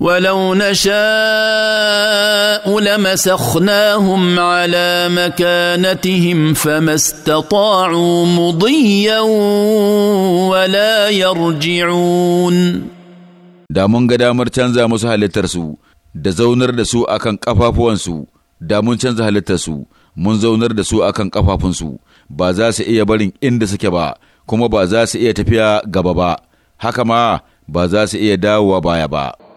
ولو نشاء لمسخناهم على مكانتهم فما استطاعوا مضيا ولا يرجعون da mun ga damar canza musu halittarsu da zaunar da su akan ƙafafuwansu da mun canza halittarsu mun zaunar da su akan ƙafafunsu ba za su iya barin inda suke ba kuma ba za su iya tafiya gaba ba haka ma ba za su iya dawowa baya ba